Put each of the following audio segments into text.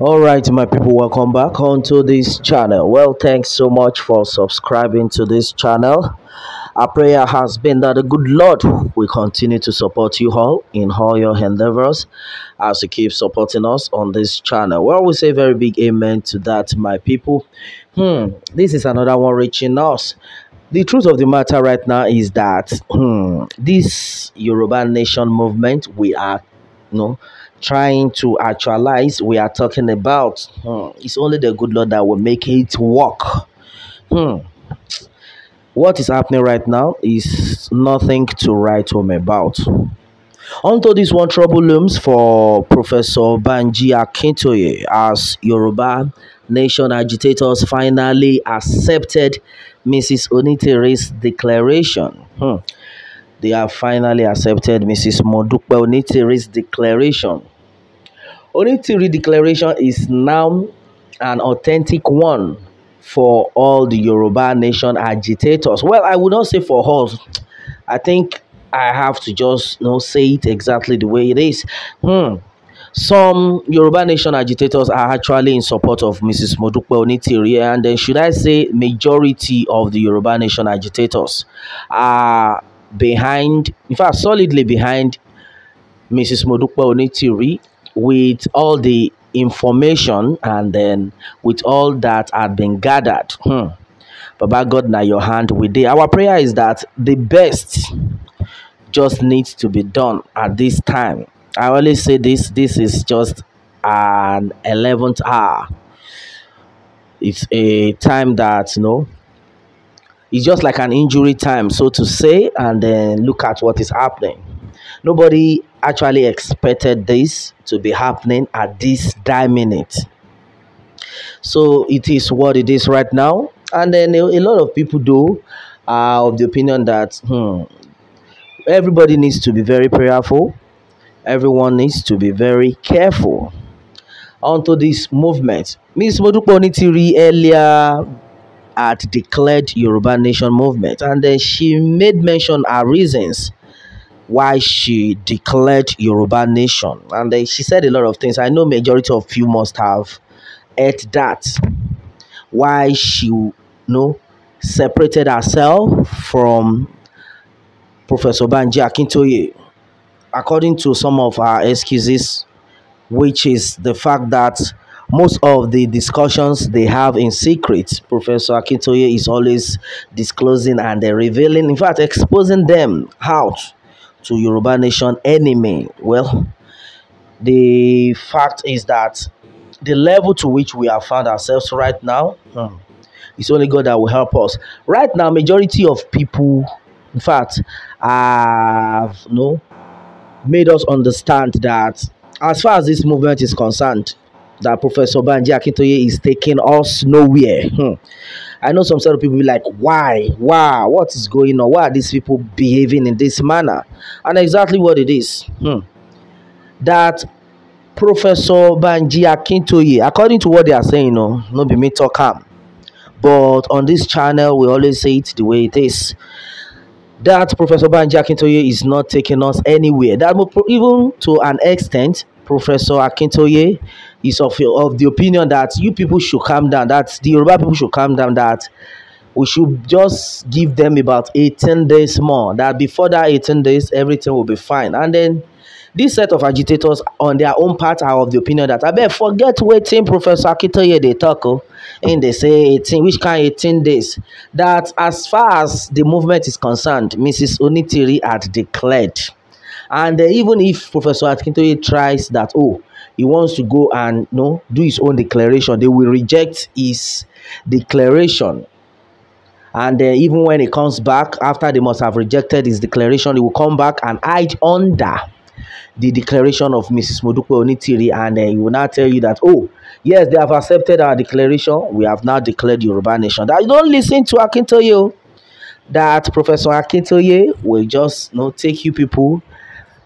all right my people welcome back onto this channel well thanks so much for subscribing to this channel our prayer has been that the good lord will continue to support you all in all your endeavors as you keep supporting us on this channel well we say very big amen to that my people hmm this is another one reaching us the truth of the matter right now is that hmm, this Yoruba nation movement we are you know, trying to actualize, we are talking about, hmm, it's only the good Lord that will make it work. Hmm. What is happening right now is nothing to write home about. Until this one trouble looms for Professor Banji Akintoye as Yoruba nation agitators finally accepted Mrs. Onitere's declaration. Hmm. They have finally accepted Mrs. Modupe Onitere's declaration. Onitiri declaration is now an authentic one for all the Yoruba nation agitators. Well, I would not say for all. I think I have to just you know, say it exactly the way it is. Hmm some Yoruba Nation agitators are actually in support of Mrs. Modupe Onitiri, and then should I say majority of the Yoruba Nation agitators are behind, in fact, solidly behind Mrs. Modupe Onitiri with all the information and then with all that had been gathered. Hmm. by God, now your hand with it. Our prayer is that the best just needs to be done at this time I always say this this is just an 11th hour. It's a time that, you know, it's just like an injury time, so to say, and then look at what is happening. Nobody actually expected this to be happening at this time minute. So it is what it is right now. And then a, lot of people do are of the opinion that hmm, everybody needs to be very prayerful everyone needs to be very careful. Onto this movement, Ms. Modupe earlier had declared Yoruba Nation movement, and then she made mention her reasons why she declared Yoruba Nation, and then she said a lot of things. I know majority of you must have heard that why she you know separated herself from Professor Banji Akintoye according to some of our excuses, which is the fact that most of the discussions they have in secret, Professor Akintoye is always disclosing and revealing, in fact, exposing them out to Yoruba Nation enemy. Well, the fact is that the level to which we have found ourselves right now, hmm, it's only God that will help us. Right now, majority of people, in fact, have no made us understand that as far as this movement is concerned, that Professor Banji Akintoye is taking us nowhere. Hmm. I know some sort of people be like, why? Why? what is going on? Why are these people behaving in this manner? And exactly what it is. Hmm. That Professor Banji Akintoye, according to what they are saying, no, no be me talk calm. But on this channel, we always say it the way it is that Professor Banji Akintoye is not taking us anywhere. That even to an extent, Professor Akintoye is of, of the opinion that you people should calm down, that the Yoruba people should calm down, that we should just give them about 18 days more, that before that 18 days, everything will be fine. And then this set of agitators on their own part are of the opinion that I bet forget waiting Professor Akitoye they talk and oh. they say 18 which kind 18 days that as far as the movement is concerned Mrs. Onitiri had declared and eh, even if Professor Akintoye tries that oh he wants to go and you know, do his own declaration they will reject his declaration and uh, even when he comes back after they must have rejected his declaration he will come back and hide under the declaration of Mrs. Modupe Onitiri and uh, he will now tell you that, oh, yes, they have accepted our declaration. We have now declared Yoruba nation. That don't listen to Akintoye. Oh. That Professor Akintoye will just you know, take you people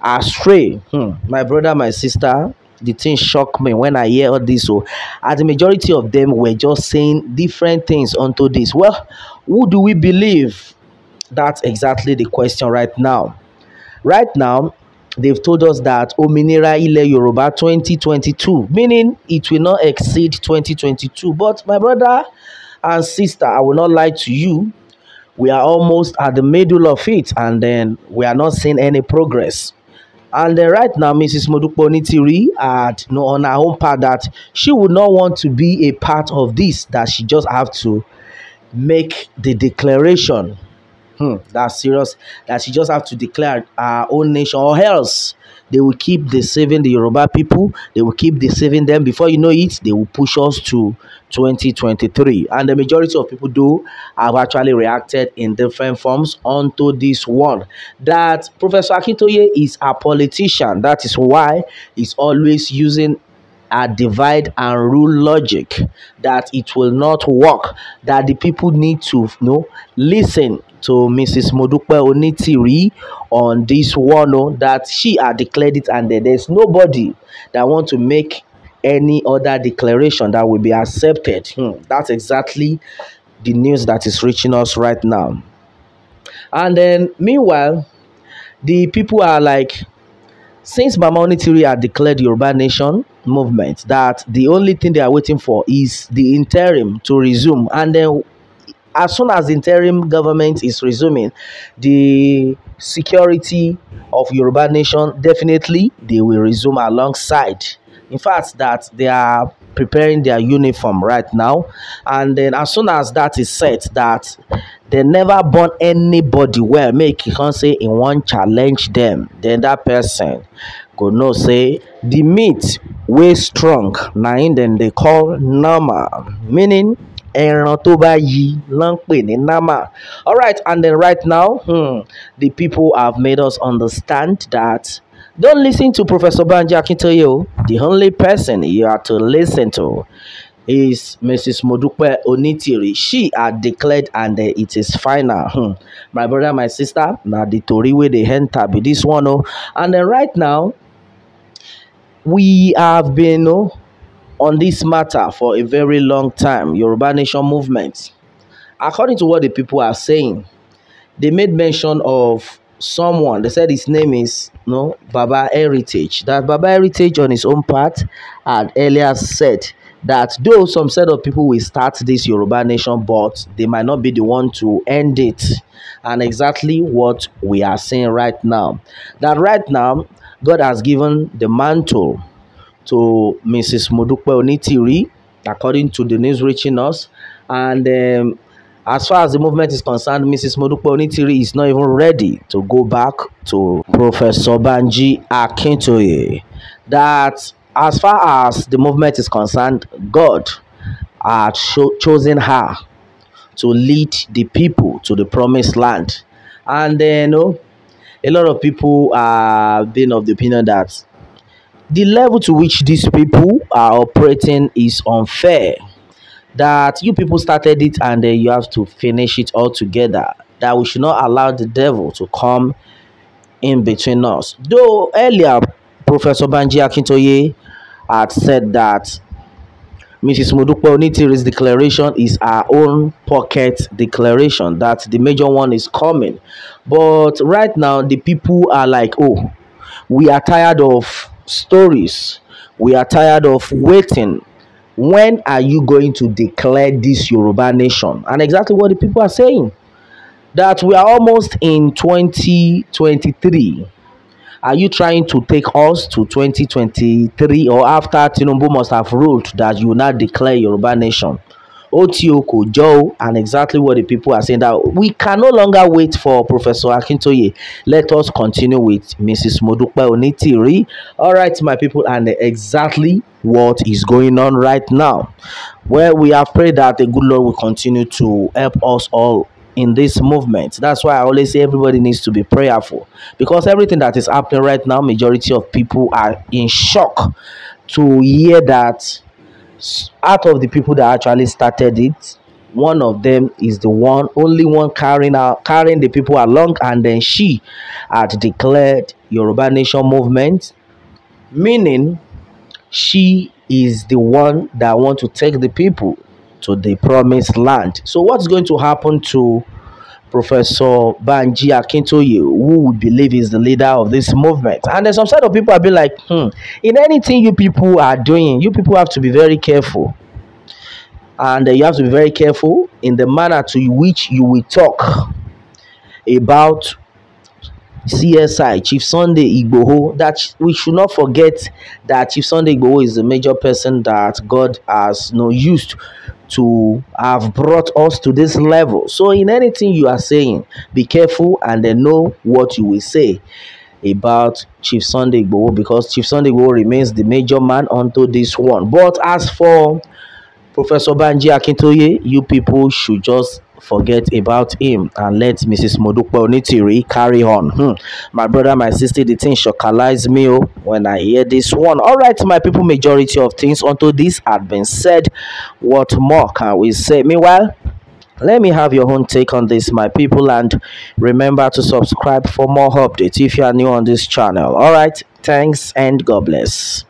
astray. Hmm. My brother, my sister, the thing shocked me when I hear all this. So, oh. as the majority of them were just saying different things onto this. Well, who do we believe? That's exactly the question right now. Right now, they've told us that ominera Ile Yoruba 2022, meaning it will not exceed 2022. But my brother and sister, I will not lie to you, we are almost at the middle of it and then we are not seeing any progress. And then right now, Mrs. Modupo Nitiri had you know, on her own part that she would not want to be a part of this, that she just have to make the declaration Hmm, that's serious. That she just have to declare our own nation or else they will keep deceiving the Yoruba people. They will keep deceiving them. Before you know it, they will push us to 2023. And the majority of people do have actually reacted in different forms onto this one. That Professor Akintoye is a politician. That is why he's always using a divide and rule logic that it will not work that the people need to you know listen to Mrs. Modupe Onitiri on this one oh, that she had declared it and there's nobody that want to make any other declaration that will be accepted. Hmm. That's exactly the news that is reaching us right now. And then, meanwhile, the people are like, since Mama Onitiri had declared the urban nation movement, that the only thing they are waiting for is the interim to resume. And then as soon as interim government is resuming, the security of Yoruba nation definitely they will resume alongside. In fact, that they are preparing their uniform right now, and then as soon as that is set, that they never burn anybody well. Make you can say in one challenge them, then that person go know say the meat way strong. Now in then they call normal, meaning ẹran tó bá yí ló ń pè ní nama alright and then right now hmm, the people have made us understand that don't listen to Professor Banji Akintoye o the only person you are to listen to is Mrs. Modupe Onitiri. She had declared and uh, it is final. Hmm. My brother, my sister, now the Tory way they enter be this one. Oh. And then right now, we have been oh, on this matter for a very long time, Yoruba Nation movement. According to what the people are saying, they made mention of someone. They said his name is you no know, Baba Heritage. That Baba Heritage on his own part had earlier said that though some set of people will start this Yoruba Nation, but they might not be the one to end it. And exactly what we are saying right now. That right now, God has given the mantle to Mrs. Modupe Onitiri, according to the news reaching us. And um, as far as the movement is concerned, Mrs. Modupe Onitiri is not even ready to go back to Professor Banji Akintoye. That as far as the movement is concerned, God had cho chosen her to lead the people to the promised land. And then, uh, you know, a lot of people are being of the opinion that the level to which these people are operating is unfair. That you people started it and then you have to finish it all together. That we should not allow the devil to come in between us. Though earlier, Professor Banji Akintoye had said that Mrs. Mudupo Onitiri's declaration is her own pocket declaration that the major one is coming. But right now, the people are like, oh, we are tired of stories. We are tired of waiting. When are you going to declare this Yoruba nation? And exactly what the people are saying that we are almost in 2023. Are you trying to take us to 2023 or after Tinubu must have ruled that you will not declare Yoruba nation? Otioko Kojo and exactly what the people are saying that we can no longer wait for Professor Akintoye. Let us continue with Mrs. Modupe Onitiri. All right, my people, and exactly what is going on right now. Where we have prayed that the good Lord will continue to help us all in this movement. That's why I always say everybody needs to be prayerful because everything that is happening right now, majority of people are in shock to hear that out of the people that actually started it one of them is the one only one carrying out carrying the people along and then she had declared yoruba nation movement meaning she is the one that want to take the people to the promised land so what's going to happen to Professor Banji Akintoye, who would believe is the leader of this movement. And there's some side of people have been like, hmm, in anything you people are doing, you people have to be very careful. And uh, you have to be very careful in the manner to which you will talk about CSI, Chief Sunday Igboho, that we should not forget that Chief Sunday Igboho is a major person that God has you know, used to have brought us to this level. So in anything you are saying, be careful and then know what you will say about Chief Sunday Igboho because Chief Sunday Igboho remains the major man unto this one. But as for Professor Banji Akintoye, you people should just forget about him and let Mrs. Modupe Onitiri carry on. Hmm. My brother, my sister, the thing shockalize me oh, when I hear this one. All right, my people, majority of things until this had been said. What more can we say? Meanwhile, let me have your own take on this my people and remember to subscribe for more updates if you are new on this channel all right thanks and god bless